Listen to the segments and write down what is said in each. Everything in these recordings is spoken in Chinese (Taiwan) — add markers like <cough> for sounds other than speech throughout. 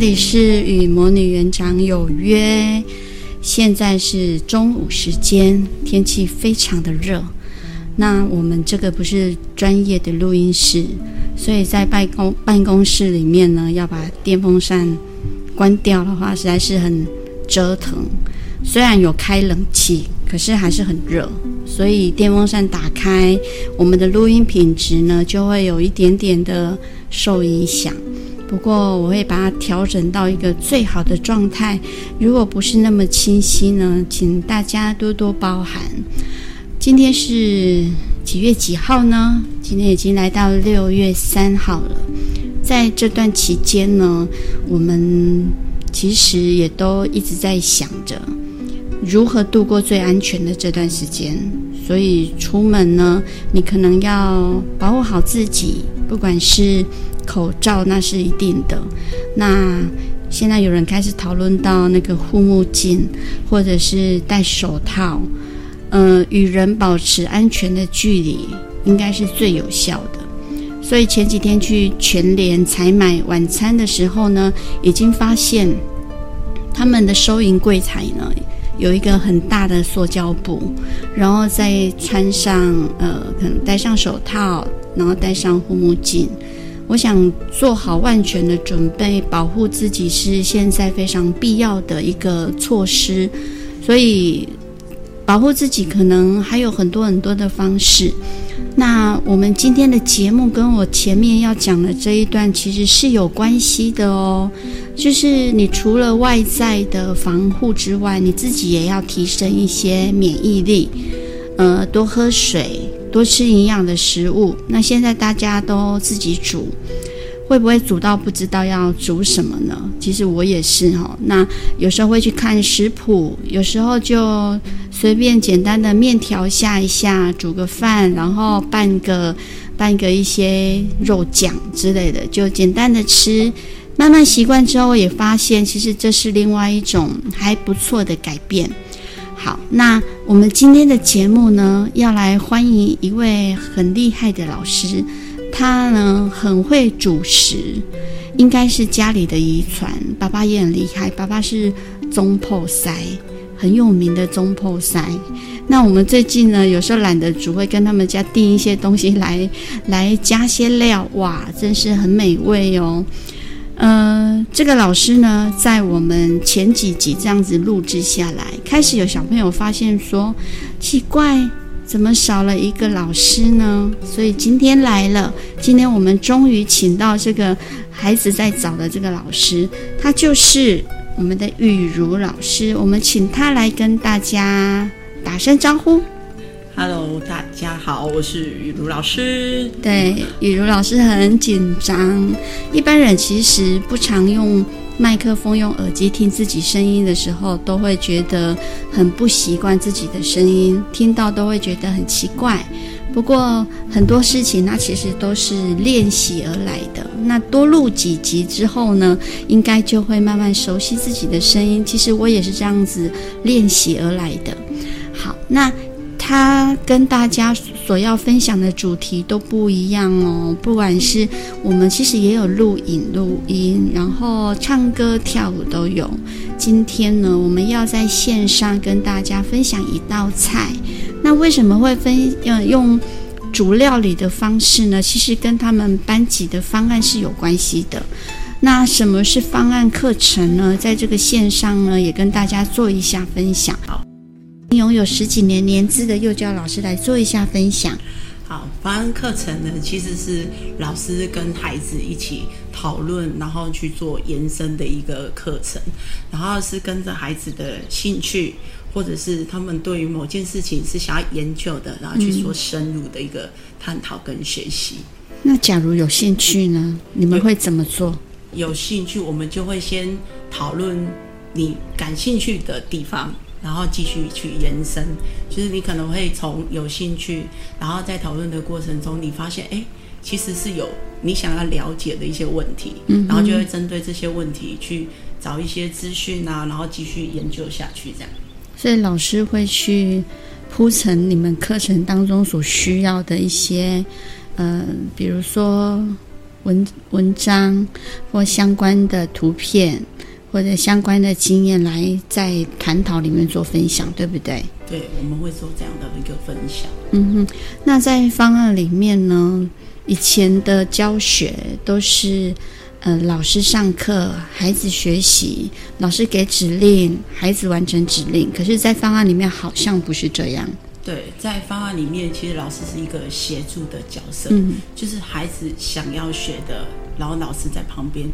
這裡是與魔女園長有約，現在是中午時間，天氣非常的熱。那我們這個不是專業的錄音室，所以在辦公辦公室裡面呢，要把電風扇關掉的話，實在是很折騰。雖然有開冷氣，可是還是很熱，所以電風扇打開，我們的錄音品質呢就會有一點點的受影響。不過我會把它調整到一個最好的狀態。如果不是那麼清晰呢，請大家多多包涵。今天是幾月幾號呢？今天已經來到六月三號了。在這段期間呢，我們其實也都一直在想着如何度過最安全的這段時間。所以出門呢，你可能要保護好自己，不管是。口罩那是一定的。那現在有人開始討論到那個護目鏡，或者是戴手套，呃，與人保持安全的距離應該是最有效的。所以前幾天去全聯採買晚餐的時候呢，已經發現他們的收銀櫃檯呢有一個很大的塑膠布，然後再穿上呃，可能戴上手套，然後戴上護目鏡。我想做好萬全的準備，保護自己是現在非常必要的一個措施。所以，保護自己可能還有很多很多的方式。那我們今天的節目跟我前面要講的這一段其實是有關係的哦，就是你除了外在的防護之外，你自己也要提升一些免疫力，呃，多喝水。多吃營養的食物。那現在大家都自己煮，會不會煮到不知道要煮什麼呢？其實我也是哈。那有時候會去看食譜，有時候就隨便簡單的麵條下一下，煮個飯，然後拌個拌個一些肉醬之類的，就簡單的吃。慢慢習慣之後，也發現其實這是另外一種還不錯的改變。好，那我們今天的節目呢，要來歡迎一位很厲害的老師，他呢很會煮食，應該是家裡的遺傳，爸爸也很厲害，爸爸是總舖師，很有名的總舖師。那我們最近呢，有時候懶得煮，會跟他們家訂一些東西來來加些料，哇，真是很美味哦。呃，這個老師呢，在我們前幾集這樣子錄制下來，開始有小朋友發現說，奇怪，怎麼少了一個老師呢？所以今天來了，今天我們終於請到這個孩子在找的這個老師，他就是我們的妤如老師，我們請他來跟大家打聲招呼。Hello，大家好，我是妤如老師。對，妤如老師很緊張。一般人其實不常用麥克風、用耳機聽自己聲音的時候，都會覺得很不習慣自己的聲音，聽到都會覺得很奇怪。不過很多事情，那其實都是練習而來的。那多錄幾集之後呢，應該就會慢慢熟悉自己的聲音。其實我也是這樣子練習而來的。好，那。他跟大家所要分享的主題都不一樣哦，不管是我們其實也有錄影、錄音，然後唱歌、跳舞都有。今天呢，我們要在線上跟大家分享一道菜。那為什麼會分，呃，用煮料理的方式呢？其實跟他們班級的方案是有關係的。那什麼是方案課程呢？在這個線上呢，也跟大家做一下分享。擁有十幾年年資的幼教老師來做一下分享。好，方案課程呢，其實是老師跟孩子一起討論，然後去做延伸的一個課程，然後是跟着孩子的興趣，或者是他們對於某件事情是想要研究的，然後去做深入的一個探討跟學習，嗯。那假如有興趣呢，嗯、你們會怎麼做？有，有興趣，我們就會先討論你感興趣的地方。然後繼續去延伸，就是你可能會從有興趣，然後在討論的過程中，你發現哎，其實是有你想要了解的一些問題，嗯哼，然後就會針對這些問題去找一些資訊啊，然後繼續研究下去這樣。所以老師會去鋪陳你們課程當中所需要的一些，嗯、呃，比如說文文章或相關的圖片。或者相關的經驗來在探討裡面做分享，對不對？對，我們會做這樣的一個分享。嗯哼，那在方案裡面呢，以前的教學都是，呃，老師上課，孩子學習，老師給指令，孩子完成指令。可是，在方案裡面好像不是這樣。對，在方案裡面，其實老師是一個協助的角色，嗯哼，就是孩子想要學的，然後老師在旁邊。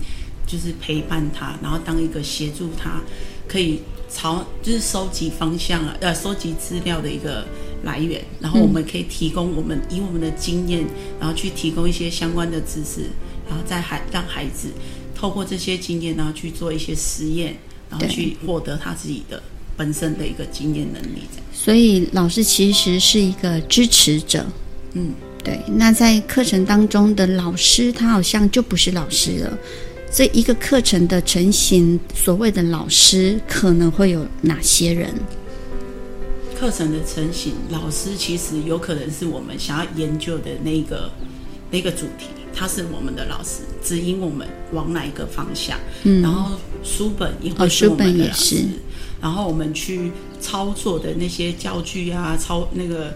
就是陪伴他，然後當一個協助他，可以朝就是收集方向啊，呃，收集資料的一個來源。然後我們可以提供我們、嗯、以我們的經驗，然後去提供一些相關的知識，然後在孩讓孩子透過這些經驗呢去做一些實驗，然後去獲得他自己的對本身的一個經驗能力，這樣。所以老師其實是一個支持者。嗯，對。那在課程當中的老師，他好像就不是老師了。Okay. 所以一個課程的成型，所謂的老師可能會有哪些人？課程的成型，老師其實有可能是我們想要研究的那個那個主題，他是我們的老師，指引我們往哪一個方向。嗯。然後書本也會是我們的老師、哦、書本也是、然後我們去操作的那些教具啊，操那個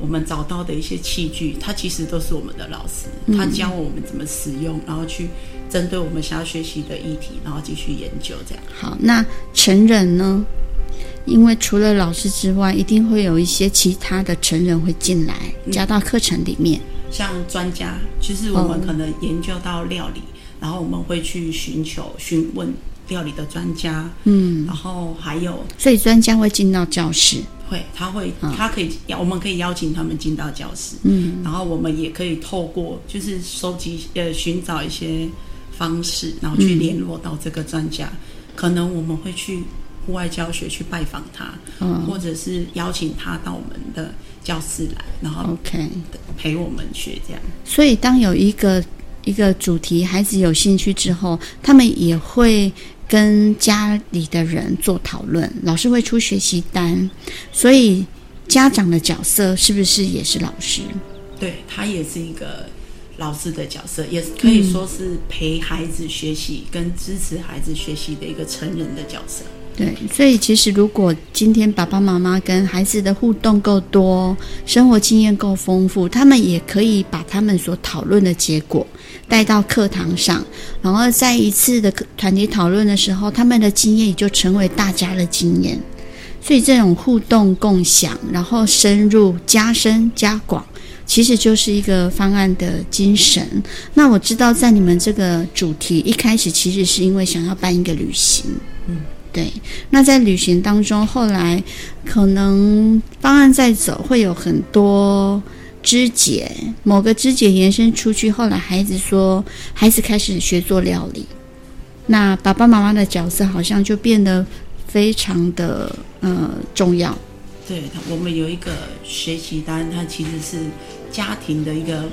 我們找到的一些器具，它其實都是我們的老師，嗯、他教我們怎麼使用，然後去。針對我們想要學習的議題，然後繼續研究這樣。好，那成人呢？因為除了老師之外，一定會有一些其他的成人會進來、嗯、加到課程裡面，像專家。就是我們可能研究到料理，哦、然後我們會去尋求、詢問料理的專家。嗯，然後還有，所以專家會進到教室，會，他會，哦、他可以，我們可以邀請他們進到教室。嗯，然後我們也可以透過，就是收集呃，尋找一些。方式，然後去聯絡到這個專家，嗯、可能我們會去戶外教學，去拜訪他，哦、或者是邀請他到我們的教室來，然後 OK 陪我們學 Okay 這樣。所以，當有一個一個主題，孩子有興趣之後，他們也會跟家裡的人做討論。老師會出學習單，所以家長的角色是不是也是老師？對，他也是一個。老師的角色也可以說是陪孩子學習跟支持孩子學習的一個成人的角色。嗯。對，所以其實如果今天爸爸媽媽跟孩子的互動夠多，生活經驗夠豐富，他們也可以把他們所討論的結果帶到課堂上，然後在一次的團體討論的時候，他們的經驗也就成為大家的經驗。所以這種互動共享，然後深入、加深、加廣。其實就是一個方案的精神。那我知道，在你們這個主題一開始，其實是因為想要辦一個旅行。嗯，對。那在旅行當中，後來可能方案在走，會有很多枝節，某個枝節延伸出去。後來孩子說，孩子開始學做料理，那爸爸媽媽的角色好像就變得非常的呃重要。對，我們有一個學習單，它其實是。家庭的一個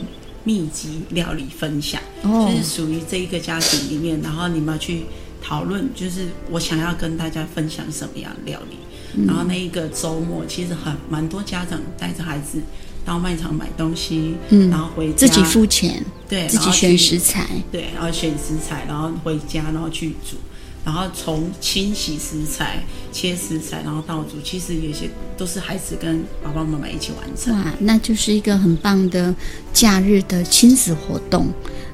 秘籍料理分享，哦，就是屬於這一個家庭裡面，然後你們要去討論，就是我想要跟大家分享什麼樣的料理。嗯、然後那一個周末，其實很蠻多家長帶着孩子到賣場買東西，嗯、然後回家自己付錢，對，自己,自己選食材，對，然後選食材，然後回家，然後去煮。然後從清洗食材、切食材，然後到煮，其實有些都是孩子跟爸爸媽媽一起完成。哇、啊，那就是一個很棒的假日的親子活動。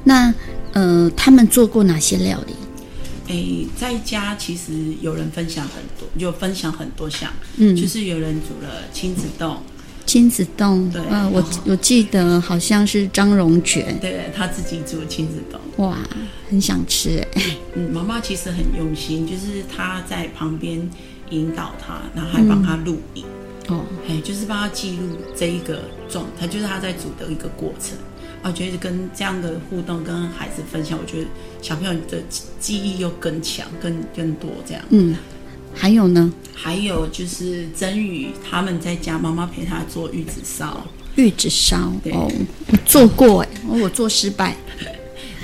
那呃，他們做過哪些料理？哎，在家其實有人分享很多，有分享很多項。嗯，就是有人煮了親子丼。親子丼嗯，對我、哦、我記得好像是張榮卷，對他自己煮親子丼，哇，很想吃嗯。嗯，媽媽其實很用心，就是他在旁邊引導他，然後還幫他錄影，嗯嗯、哦、哎、嗯，就是幫他記錄這一個狀態，就是他在煮的一個過程。啊，覺得跟這樣的互動跟孩子分享，我覺得小朋友的記憶又更強、更更多這樣。嗯。還有呢，還有就是曾宇他們在家，媽媽陪他做玉子燒。玉子燒，對哦，我做過， <laughs> 哦，我做失敗。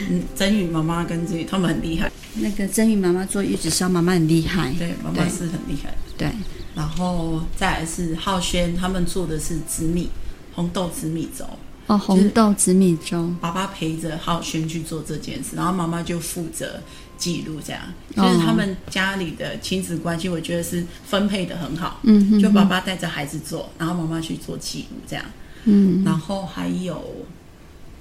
嗯，曾宇媽媽跟曾宇，他們很厲害。那個曾宇媽媽做玉子燒，媽媽很厲害。對，媽媽對是很厲害。對，然後再來是浩軒，他們做的是紫米紅豆紫米粥。哦，紅豆紫米粥，爸爸陪着浩軒去做這件事，然後媽媽就負責記錄，這樣，哦、就是他們家裡的親子關係，我覺得是分配得很好，嗯，嗯嗯就爸爸帶着孩子做，然後媽媽去做記錄，這樣，嗯，然後還有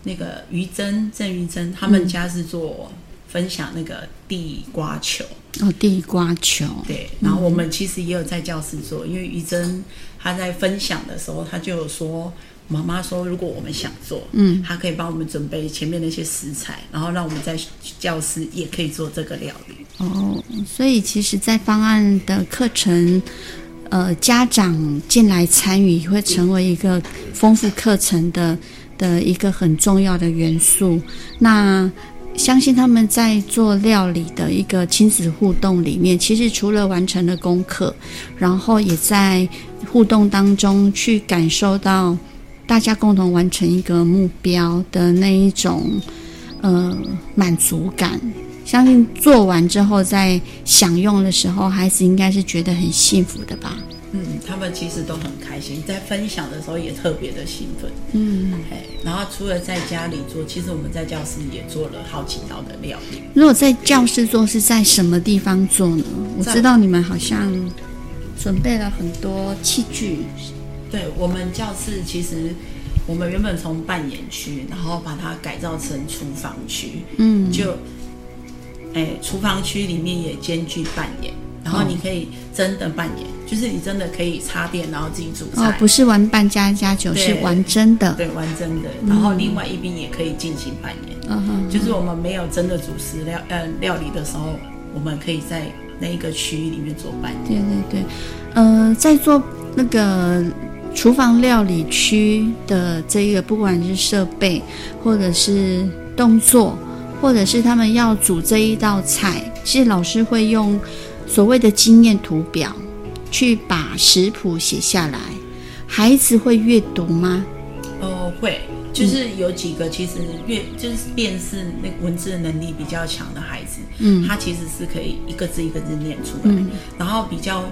那個於珍、鄭於珍，他們家是做分享那個地瓜球，哦，地瓜球，對，嗯、然後我們其實也有在教室做，因為於珍她在分享的時候，她就有說。媽媽說：“如果我們想做，嗯，她可以幫我們準備前面那些食材，然後讓我們在教室也可以做這個料理哦。所以，其實，在方案的課程，呃，家長進來參與會成為一個豐富課程的的一個很重要的元素。那相信他們在做料理的一個親子互動裡面，其實除了完成了功課，然後也在互動當中去感受到。”大家共同完成一個目標的那一種，呃，滿足感。相信做完之後，在享用的時候，孩子應該是覺得很幸福的吧？嗯，嗯，他們其實都很開心，在分享的時候也特別的興奮。嗯，然後除了在家裡做，其實我們在教室也做了好幾道的料理。如果在教室做，是在什麼地方做呢？對我知道你們好像準備了很多器具。對，我們教室其實，我們原本從扮演區，然後把它改造成廚房區。嗯，就，哎，廚房區裡面也兼具扮演，然後你可以真的扮演，哦、就是你真的可以插電，然後自己煮菜。哦，不是玩扮家家酒，對是玩真的。對，玩真的。然後另外一邊也可以進行扮演。嗯哼。就是我們沒有真的煮食料、呃、料理的時候，我們可以在那一個區域裡面做扮演。對對對，呃，在做那個。廚房料理區的這個，不管是設備，或者是動作，或者是他們要煮這一道菜，是老師會用所謂的經驗圖表去把食譜寫下來。孩子會閱讀嗎？哦、呃，會，就是有幾個其實閱、嗯、就是辨識那文字的能力比較強的孩子，嗯，他其實是可以一個字一個字念出來，嗯、然後比較。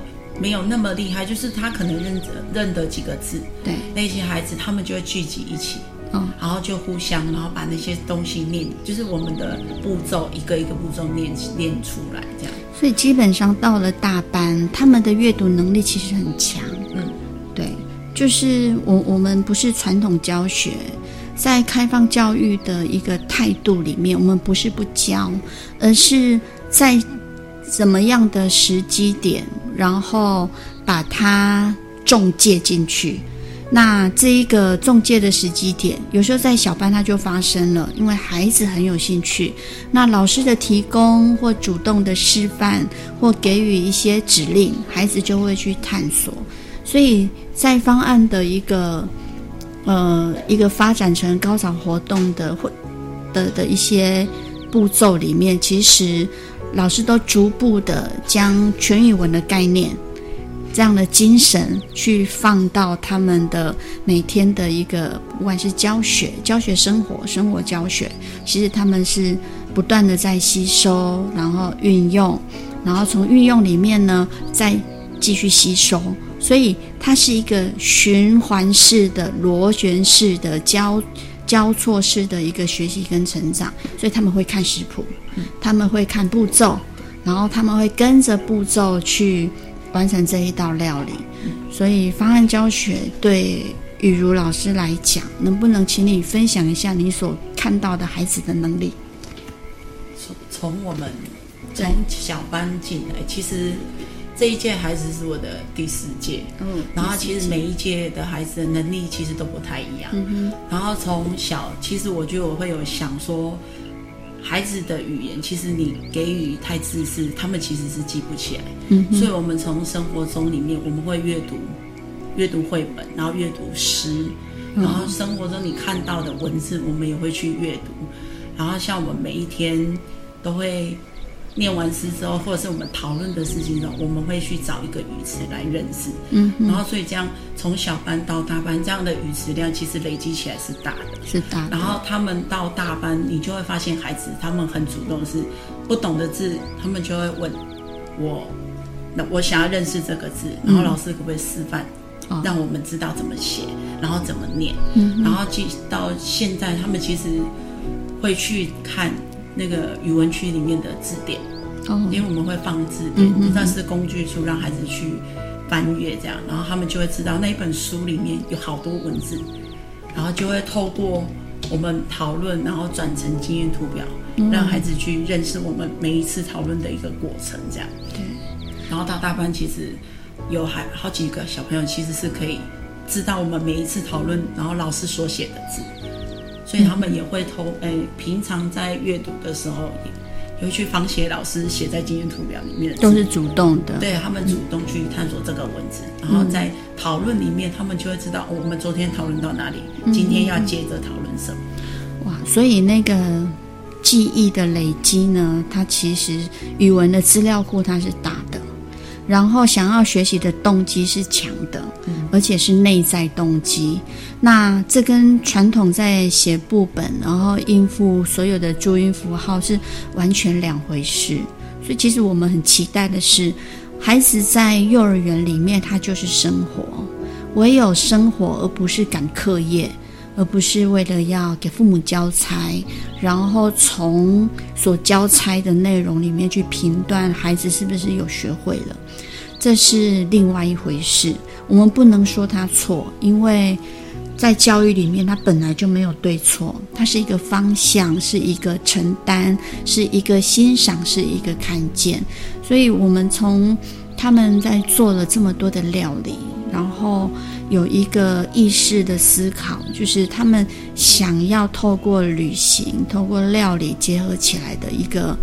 沒有那麼厲害，就是他可能認認得幾個字，對那些孩子，他們就會聚集一起，嗯、哦，然後就互相，然後把那些東西念，就是我們的步驟一個一個步驟念，念出來，這樣。所以基本上到了大班，他們的閱讀能力其實很強，嗯，對，就是我我們不是傳統教學，在開放教育的一個態度裡面，我們不是不教，而是在。怎麼樣的時機點，然後把它中介進去。那這一個中介的時機點，有時候在小班它就發生了，因為孩子很有興趣。那老師的提供或主動的示範或給予一些指令，孩子就會去探索。所以在方案的一個呃一個發展成高潮活動的或的的一些步驟裡面，其實。老師都逐步的將全語文的概念，這樣的精神去放到他們的每天的一個，不管是教學、教學生活、生活教學，其實他們是不斷的在吸收，然後運用，然後從運用裡面呢再繼續吸收，所以它是一個循環式的、螺旋式的教。交錯式的一個學習跟成長，所以他們會看食譜，他們會看步驟，然後他們會跟着步驟去完成這一道料理。所以方案教學對妤如老師來講，能不能請你分享一下你所看到的孩子的能力？從從我們從小班進來，其實。這一屆孩子是我的第四屆，嗯、哦，然後其實每一屆的孩子的能力其實都不太一樣，嗯哼，然後從小其實我覺得我會有想說，孩子的語言其實你給予太自私，他們其實是記不起來，嗯哼，所以我們從生活中裡面我們會閱讀，閱讀繪本，然後閱讀詩，然後生活中你看到的文字我們也會去閱讀，然後像我們每一天都會。念完詩之後，或者是我們討論的事情中，我們會去找一個語詞來認識，嗯哼，然後所以這樣從小班到大班，這樣的語詞量其實累積起來是大的，是大的。然後他們到大班，你就會發現孩子他們很主動，是不懂的字，他們就會問我，那我想要認識這個字，然後老師可不可以示範，嗯、讓我們知道怎麼寫，然後怎麼念，嗯哼，然後到現在他們其實會去看。那個語文區裡面的字典，哦，oh. 因為我們會放字典，但、嗯嗯嗯、是工具書，讓孩子去翻閱，這樣，然後他們就會知道那一本書裡面有好多文字，嗯、然後就會透過我們討論，然後轉成經驗圖表，嗯嗯讓孩子去認識我們每一次討論的一個過程，這樣，對。然後到大班，其實有還好幾個小朋友，其實是可以知道我們每一次討論，然後老師所寫的字。所以他們也會偷誒、嗯欸，平常在閱讀的時候，有去仿寫老師寫在經驗圖表裡面。都是主動的，對他們主動去探索這個文字，嗯、然後在討論裡面，他們就會知道、哦、我們昨天討論到哪裡，今天要接着討論什麼嗯嗯。哇，所以那個記憶的累積呢，它其實語文的資料庫它是大。然後想要學習的動機是強的，而且是內在動機。嗯。那這跟傳統在寫部本，然後應付所有的注音符號是完全兩回事。所以其實我們很期待的是，孩子在幼兒園裡面他就是生活，唯有生活，而不是趕課業。而不是為了要給父母交差，然後從所交差的內容裡面去評斷孩子是不是有學會了，這是另外一回事。我們不能說他錯，因為在教育裡面，他本來就沒有對錯，他是一個方向，是一個承擔，是一個欣賞，是一個看見。所以，我們從。他們在做了這麼多的料理，然後有一個意識的思考，就是他們想要透過旅行、透過料理結合起來的一個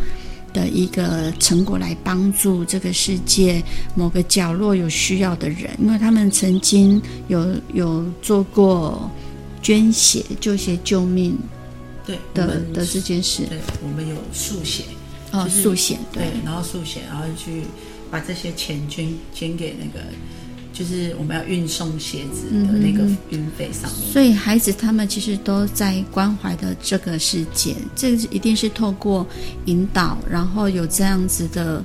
的一個成果，來幫助這個世界某個角落有需要的人。因為他們曾經有有做過捐血、就是、救命，對的的這件事。對，我們有速血，就是、哦，速血，對，對，然後速血，然後去。把這些錢捐捐給那個，就是我們要運送鞋子的那個運費上面，嗯。所以孩子他們其實都在關懷的這個世界，這個，一定是透過引導，然後有這樣子的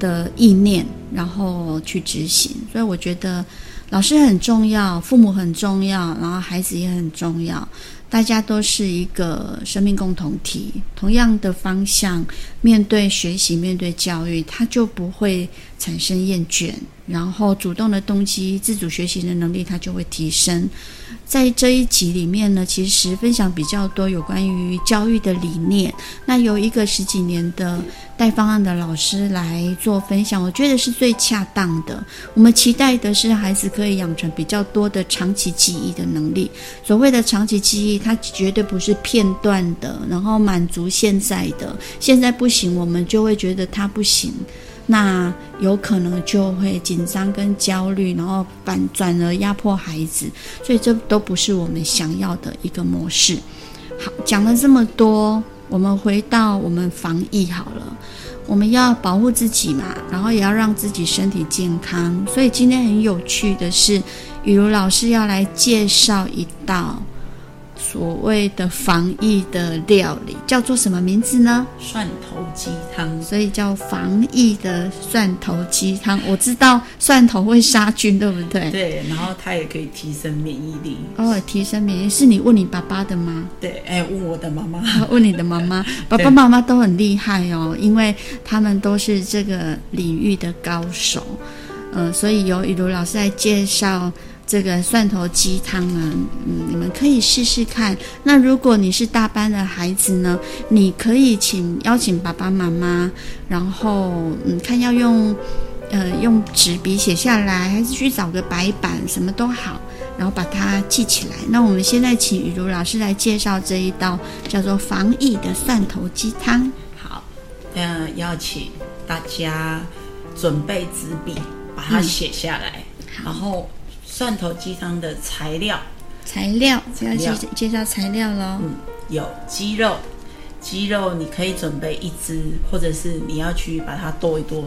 的意念，然後去執行。所以我覺得老師很重要，父母很重要，然後孩子也很重要。大家都是一個生命共同體，同樣的方向面對學習、面對教育，它就不會產生厭倦，然後主動的動機、自主學習的能力，它就會提升。在這一集裡面呢，其實分享比較多有關於教育的理念，那由一個十幾年的帶方案的老師來做分享，我覺得是最恰當的。我們期待的是孩子可以養成比較多的長期記憶的能力，所謂的長期記憶。它絕對不是片段的，然後滿足現在的，現在不行，我們就會覺得它不行，那有可能就會緊張跟焦慮，然後反轉而壓迫孩子，所以這都不是我們想要的一個模式。好，講了這麼多，我們回到我們防疫好了，我們要保護自己嘛，然後也要讓自己身體健康。所以今天很有趣的是，妤如老師要來介紹一道。所謂的防疫的料理叫做什麼名字呢？蒜頭雞湯，所以叫防疫的蒜頭雞湯。我知道蒜頭會殺菌，對不對？對，然後它也可以提升免疫力。哦，提升免疫力是你問你爸爸的嗎？對，哎，問我的媽媽，問你的媽媽， <laughs> 對爸爸媽媽都很厲害哦，因為他們都是這個領域的高手。嗯、呃，所以由妤如老師來介紹。這個蒜頭雞湯啊，嗯，你們可以試試看。那如果你是大班的孩子呢，你可以請邀請爸爸媽媽，然後嗯，看要用，呃，用紙筆寫下來，還是去找個白板，什麼都好，然後把它記起來。那我們現在請妤如老師來介紹這一道叫做防疫的蒜頭雞湯。好，那要請大家準備紙筆，把它寫下來，然後。蒜頭雞湯的材料，材料，材料要介紹，介紹材料咯嗯，有雞肉，雞肉你可以準備一隻，或者是你要去把它剁一剁，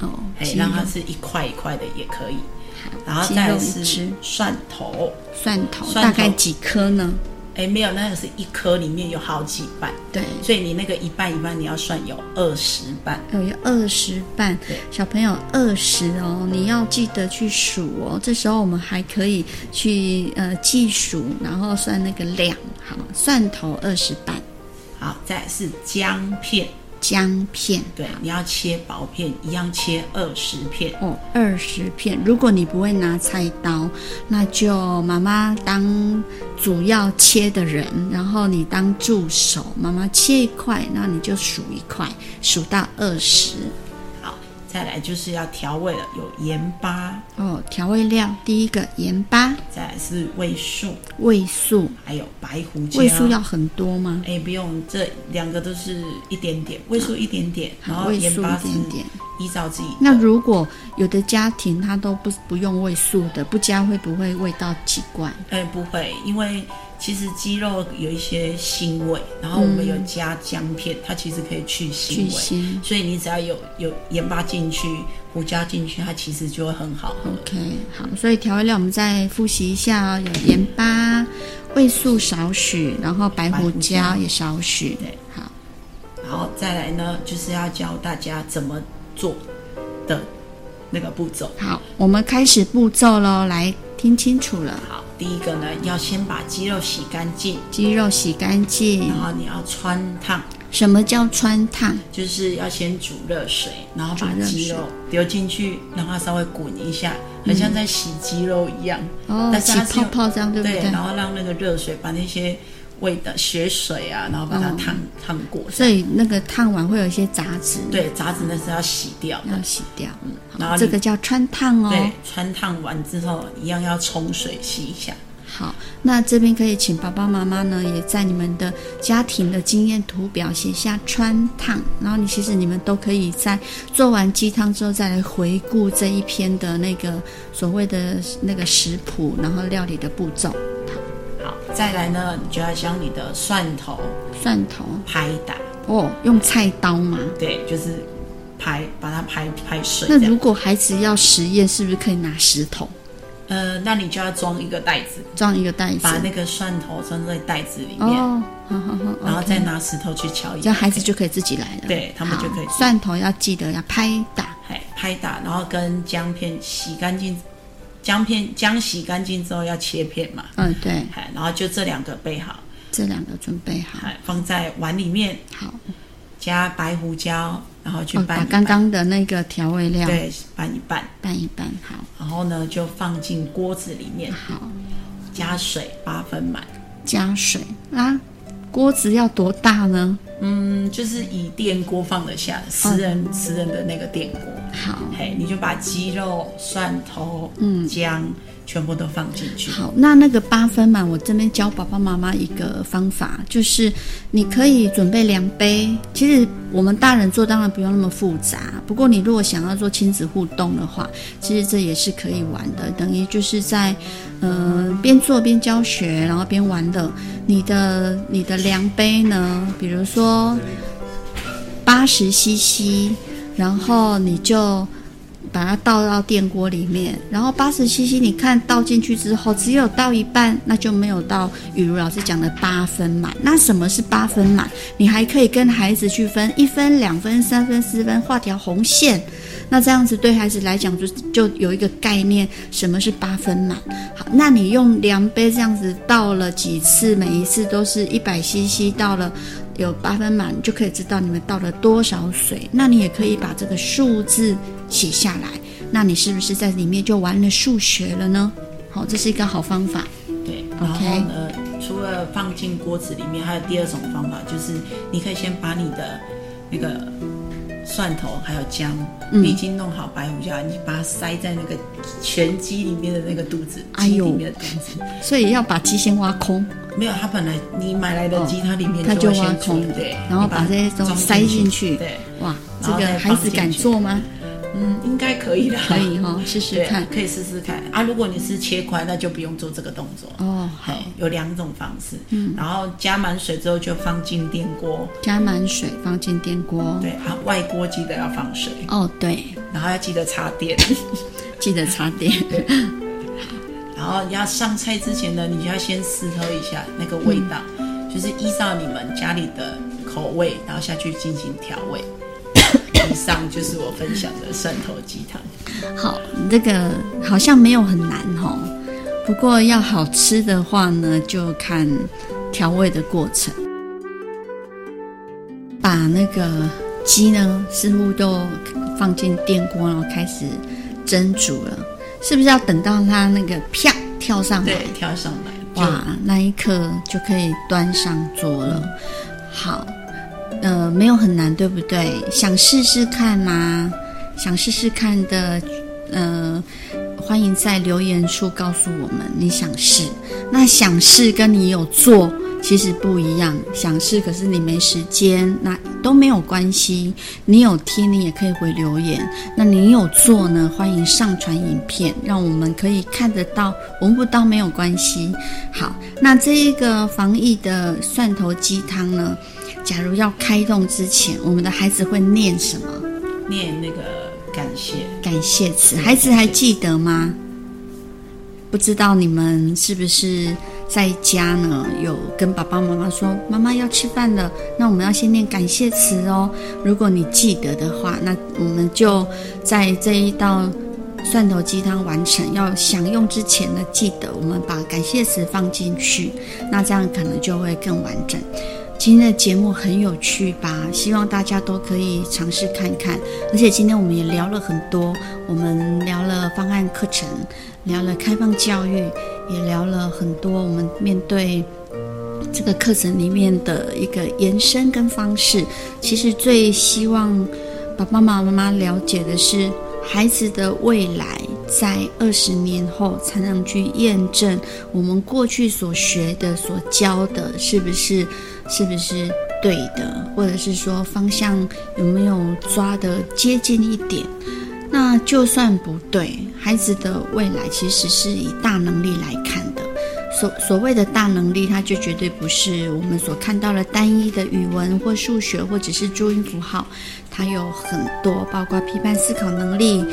哦，讓它是一塊一塊的也可以。好，然後再來是蒜頭，蒜頭，蒜頭，大概幾顆呢？誒，沒有，那個是一顆裡面有好幾瓣，對，所以你那個一瓣一瓣，你要算有二十瓣，有二十瓣，對小朋友二十哦，你要記得去數哦。這時候我們還可以去呃計數，然後算那個量，好，蒜頭二十瓣，好，再來是薑片。薑片，對，你要切薄片，一樣切二十片。哦，二十片。如果你不會拿菜刀，那就媽媽當主要切的人，然後你當助手。媽媽切一塊，那你就數一塊，數到二十。再來就是要調味了，有鹽巴哦，調味料第一個鹽巴，再來是味素，味素還有白胡椒哦，味素要很多嗎？哎，不用，這兩個都是一點點，味素一點點，哦，然後鹽巴一點點，依照自己。那如果有的家庭他都不不用味素的，不加會不會味道奇怪？欸，不會，因為。其實雞肉有一些腥味，然後我們有加薑片，嗯、它其實可以去腥味，去腥。所以你只要有有鹽巴進去，胡椒進去，它其實就會很好喝。OK，好，所以調味料我們再複習一下哦，有鹽巴、味素少許，然後白胡椒也少許。對，好，然後再來呢，就是要教大家怎麼做的那個步驟。好，我們開始步驟嘍，來。聽清楚了，好，第一個呢，要先把雞肉洗乾淨，雞肉洗乾淨，然後你要汆燙。什麼叫汆燙？就是要先煮熱水，然後把雞肉丟進去，讓它稍微滾一下，很像在洗雞肉一樣，嗯、但是就、哦、起泡泡這樣對不對？然後讓那個熱水把那些。味的血水啊，然後把它燙、哦、燙過，所以那個燙完會有一些雜質。對，雜質那是要洗掉、嗯，要洗掉。嗯，然後這個叫川燙哦。對，川燙完之後一樣要沖水洗一下。好，那這邊可以請爸爸媽媽呢，也在你們的家庭的經驗圖表寫下川燙。然後你其實你們都可以在做完雞湯之後，再來回顧這一篇的那個所謂的那個食譜，然後料理的步驟。再來呢，你就要將你的蒜頭蒜頭拍打哦，用菜刀嗎？對，就是拍，把它拍拍碎。那如果孩子要實驗，是不是可以拿石頭？呃，那你就要裝一個袋子，裝一個袋子，把那個蒜頭裝在袋子裡面哦，好好好，然後再拿石頭去敲一下，這樣，孩子就可以自己來了。對，他們好就可以蒜頭要記得要拍打，拍打，然後跟薑片洗乾淨。薑片，薑洗乾淨之後要切片嘛？嗯、哦，對。然後就這兩個備好，這兩個準備好，放在碗裡面。好，加白胡椒，然後去拌一拌。哦，把剛剛的那個調味料，對，拌一拌，拌一拌，拌一拌。好，然後呢，就放進鍋子裡面。好，加水，八分滿。加水啊。鍋子要多大呢？嗯，就是以電鍋放得下，十人、哦、十人的那個電鍋。好，嘿，你就把雞肉、蒜頭、嗯、薑。全部都放進去。好，那那個八分嘛，我這邊教爸爸媽媽一個方法，就是你可以準備量杯。其實我們大人做當然不用那麼複雜，不過你如果想要做親子互動的話，其實這也是可以玩的，等於就是在呃邊做邊教學，然後邊玩的。你的你的量杯呢，比如說八十 CC，然後你就。把它倒到電鍋裡面，然後八十 cc，你看倒進去之後只有倒一半，那就沒有到妤如老師講的八分滿。那什麼是八分滿？你還可以跟孩子去分一分、兩分、三分、四分，畫條紅線。那這樣子對孩子來講就就有一個概念，什麼是八分滿。好，那你用量杯這樣子倒了幾次，每一次都是一百 cc，倒了。有八分滿就可以知道你們倒了多少水，那你也可以把這個數字寫下來，那你是不是在裡面就玩了數學了呢？好，哦，這是一個好方法。對，Okay? 然後呢，除了放進鍋子裡面，還有第二種方法，就是你可以先把你的那個。蒜頭還有薑，你已經弄好白胡椒，嗯，你把它塞在那個全雞裡面的那個肚子，哎呦，雞裡面的肚子，所以要把雞先挖空。沒有，它本來你買來的雞，它裡面它就挖空，對。然後把，把這些都塞進去。對，哇，這個孩子敢做嗎？嗯，應該可以的，可以哈，試試看，可以試試看啊。如果你是切塊，那就不用做這個動作哦。好，有兩種方式，嗯，然後加滿水之後就放進電鍋，加滿水放進電鍋，對，好，外鍋記得要放水哦，對，然後要記得插電，記得插電，然後你要上菜之前呢，你就要先試喝一下那個味道，就是依照你們家裡的口味，然後下去進行調味。以上就是我分享的蒜頭雞湯。好，這、那個好像沒有很難哦。不過要好吃的話呢，就看調味的過程。把那個雞呢，似乎都放進電鍋，然後開始蒸煮了。是不是要等到它那個啪跳上來？對，跳上來。哇，那一刻就可以端上桌了。好。呃，沒有很難，對不對？想試試看嗎？想試試看的，呃，歡迎在留言處告訴我們你想試。那想試跟你有做其實不一樣，想試可是你沒時間，那都沒有關係。你有聽，你也可以回留言。那你有做呢，歡迎上傳影片，讓我們可以看得到，聞不到沒有關係。好，那這一個防疫的蒜頭雞湯呢，假如要開動之前，我們的孩子會念什麼？念那個感謝感謝詞。孩子還記得嗎？不知道你們是不是在家呢？有跟爸爸媽媽說：“媽媽要吃飯了。”那我們要先念感謝詞哦。如果你記得的話，那我們就在這一道蒜頭雞湯完成要享用之前呢，記得我們把感謝詞放進去。那這樣可能就會更完整。今天的節目很有趣吧？希望大家都可以嘗試看看。而且今天我們也聊了很多，我們聊了方案課程，聊了開放教育，也聊了很多我們面對這個課程裡面的一個延伸跟方式。其實最希望爸爸媽媽了解的是，孩子的未來在二十年後才能去驗證我們過去所學的、所教的是不是。是不是對的，或者是說方向有沒有抓得接近一點？那就算不對，孩子的未來其實是以大能力來看的。所所謂的大能力，它就絕對不是我們所看到的單一的語文或數學，或者是注音符號。它有很多，包括批判思考能力、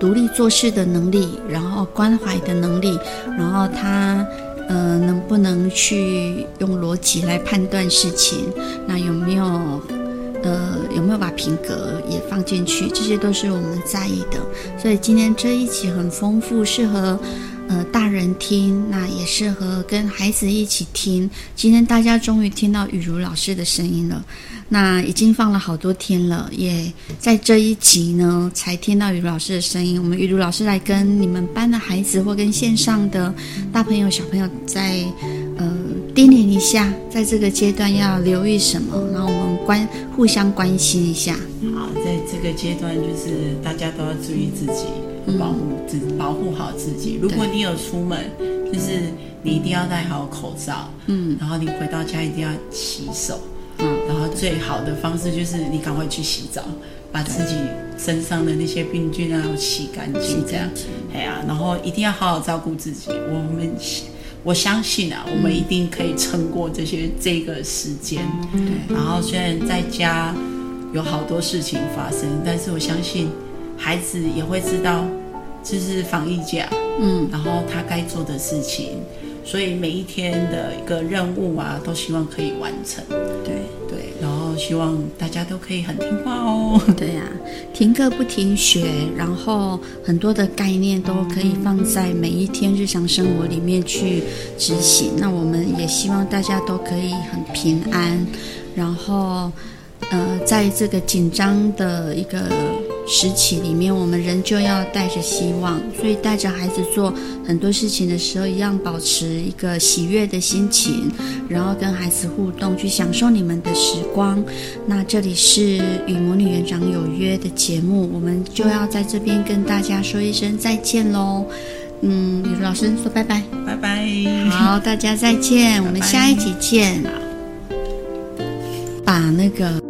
獨立做事的能力，然後關懷的能力，然後他。呃，能不能去用邏輯來判斷事情？那有沒有，呃，有沒有把品格也放進去？這些都是我們在意的。所以今天這一集很豐富，適合。呃，大人聽，那也適合跟孩子一起聽。今天大家終於聽到妤如老師的聲音了，那已經放了好多天了，也、yeah, 在這一集呢才聽到妤如老師的聲音。我們妤如老師來跟你們班的孩子或跟線上的大朋友、小朋友再呃叮嚀一下，在這個階段要留意什麼，然後我們關互相關心一下。好，在這個階段就是大家都要注意自己，保護自，保護好自己。如果你有出門，對就是你一定要戴好口罩，嗯，然後你回到家一定要洗手，嗯，然後最好的方式就是你趕快去洗澡，對把自己身上的那些病菌啊要洗乾淨，乾淨這樣，哎呀、啊，然後一定要好好照顧自己。我們我相信啊，嗯、我們一定可以撐過這些這個時間，對。然後雖然在家有好多事情發生，但是我相信孩子也會知道。就是防疫假，嗯，然後他該做的事情，所以每一天的一個任務啊，都希望可以完成。對對，然後希望大家都可以很聽話哦。對呀，啊，停課不停學，然後很多的概念都可以放在每一天日常生活裡面去執行。那我們也希望大家都可以很平安，然後呃，在這個緊張的一個。時期裡面，我們仍舊要帶着希望，所以帶着孩子做很多事情的時候，一樣保持一個喜悅的心情，然後跟孩子互動，去享受你們的時光。那這裡是與魔女園長有約的節目，我們就要在這邊跟大家說一聲再見嘍。嗯，妤如老師說拜拜，拜拜。好，大家再見，拜拜，我們下一集見。拜拜把那個。